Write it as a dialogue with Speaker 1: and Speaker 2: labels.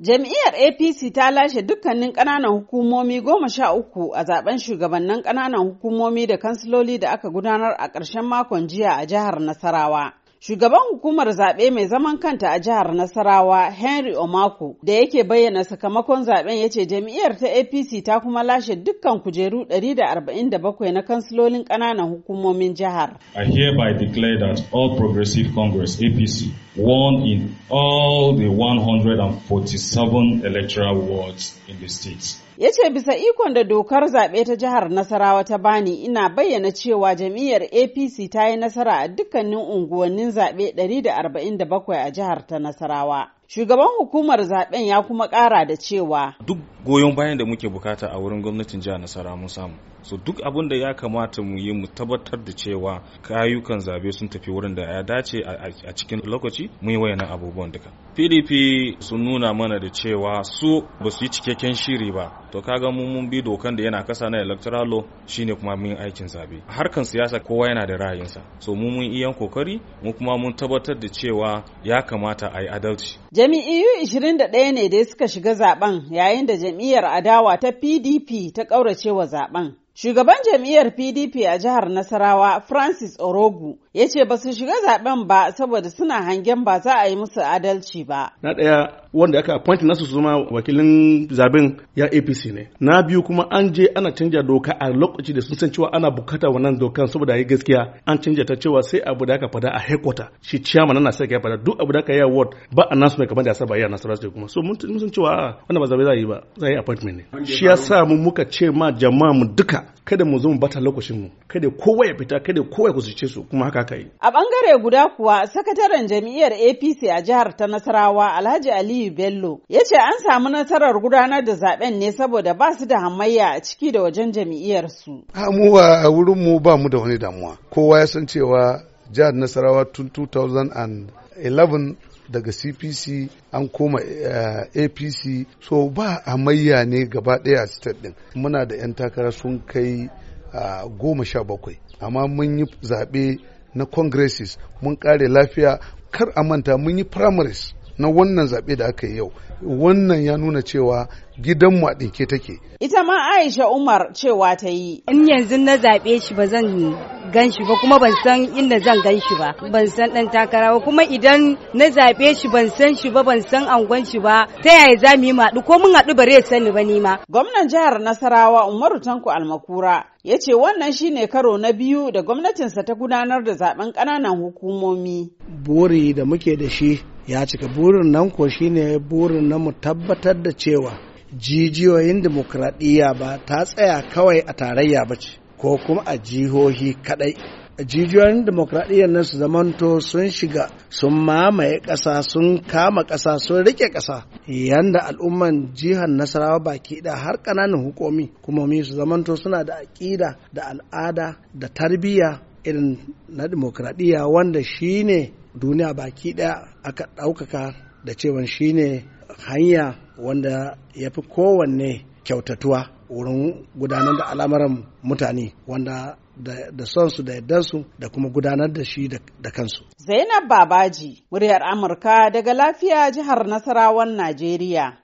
Speaker 1: Jam'iyyar APC ta lashe dukkanin ƙananan hukumomi goma sha uku a zaben shugabannin ƙananan hukumomi da kansiloli da aka gudanar a ƙarshen makon jiya a jihar Nasarawa. Shugaban hukumar zaɓe mai zaman kanta a jihar Nasarawa Henry Omako da yake bayyana sakamakon zaɓen ya ce jam'iyyar ta APC ta kuma lashe dukkan kujeru 147 na kansilolin ƙananan hukumomin jihar.
Speaker 2: I hereby declare that all Progressive Congress APC won in all the 147 electoral wards in the state.
Speaker 1: ya ce bisa ikon da dokar zaɓe ta jihar Nasarawa ta bani ina bayyana cewa jam'iyyar APC ta yi nasara a dukkanin unguwannin zaɓe 147 a jihar ta Nasarawa. Shugaban hukumar zaben ya kuma kara da cewa duk
Speaker 2: goyon bayan da muke bukata a wurin gwamnatin jihar Nasara mun samu. So duk abin da ya kamata mu yi mu tabbatar da cewa kayukan zabe sun tafi wurin da ya dace a cikin lokaci mun yi wayannan abubuwan duka. PDP sun nuna mana da cewa su ba su yi cikakken shiri ba. To kaga mu mun bi dokan da yana kasa na electoral law shine kuma mun aikin zabe. Harkan siyasa kowa yana da ra'ayinsa. So mu mun yan kokari mu kuma mun tabbatar da cewa ya kamata a adalci.
Speaker 1: Jami'iyyu 21 ne dai suka shiga zaben yayin da jam'iyyar adawa ta PDP ta ƙauracewa zaben. Shugaban jam'iyyar PDP a jihar Nasarawa Francis Orogu ya ce ba su shiga zaben ba saboda suna hangen ba za a yi musu adalci ba.
Speaker 3: Na ɗaya wanda aka appoint nasu su zama wakilin zaben ya APC ne. Na biyu kuma an je ana canja doka a lokaci da sun san cewa ana bukata wannan dokan saboda yi gaskiya an canja ta cewa sai abu da aka fada a headquarter shi chairman na sai ya fada duk abu da aka yi award ba mai kamar da saba yi a Nasarawa State kuma. So mun san cewa wanda ba zabe za yi ba za yi appointment ne. Shi ya sa mu muka ce ma jama'a mu duka kada mu zo mu bata lokacin mu kada kowa ya fita kada kowa ya kusurce su kuma haka aka yi.
Speaker 1: A bangare guda kuwa sakataren jam'iyyar APC a jihar ta Nasarawa Alhaji Aliyu Bello ya ce an samu nasarar gudanar da zaben ne saboda ba su da hamayya a ciki da wajen jam'iyyar su.
Speaker 4: mu a wurin mu ba mu da wani damuwa. Kowa ya san cewa jihar Nasarawa tun 2011 daga CPC an koma eh, APC so ba hamayya ne gaba ɗaya a state ɗin. Muna da 'yan takara sun kai a ah, goma sha bakwai amma mun yi zaɓe na congresses mun kare lafiya kar a manta mun yi primaries na wannan zaɓe da aka yi yau wannan ya nuna cewa gidan mu a ɗinke take
Speaker 1: ita ma aisha umar cewa ta yi in yanzu na zaɓe shi ba zan gan shi ba kuma ban san inda zan gan shi ba ban san dan takara ba kuma idan na zaɓe shi ban san shi ba ban san angon shi ba ta yaya za mu yi maɗu ko mun haɗu bare sani ba ni ma. Gwamnan jihar Nasarawa Umaru Tanko Almakura yace wannan shine karo na biyu da gwamnatinsa ta gudanar da zaben ƙananan
Speaker 5: hukumomi. Buri da muke da shi ya cika burin nan ko shine burin na mu tabbatar da cewa jijiyoyin dimokuraɗiyya ba ta tsaya kawai a tarayya ba ce ko kuma a jihohi kadai jijiyoyin demokradiyya na su zamanto sun shiga sun mamaye ƙasa sun kama ƙasa sun rike ƙasa yanda al'umman jihar nasarawa baki da har ƙananan hukumi mi su zamanto suna da aƙida da al'ada da tarbiyya irin na demokradiyya wanda shine duniya baki ɗaya aka ɗaukaka da cewa shine hanya wanda ya fi kowanne kyautatuwa wurin gudanar da al'amuran mutane wanda da sonsu da su, da kuma gudanar da shi da kansu.
Speaker 1: Zainab Babaji, muryar Amurka daga lafiya jihar Nasarawan Najeriya.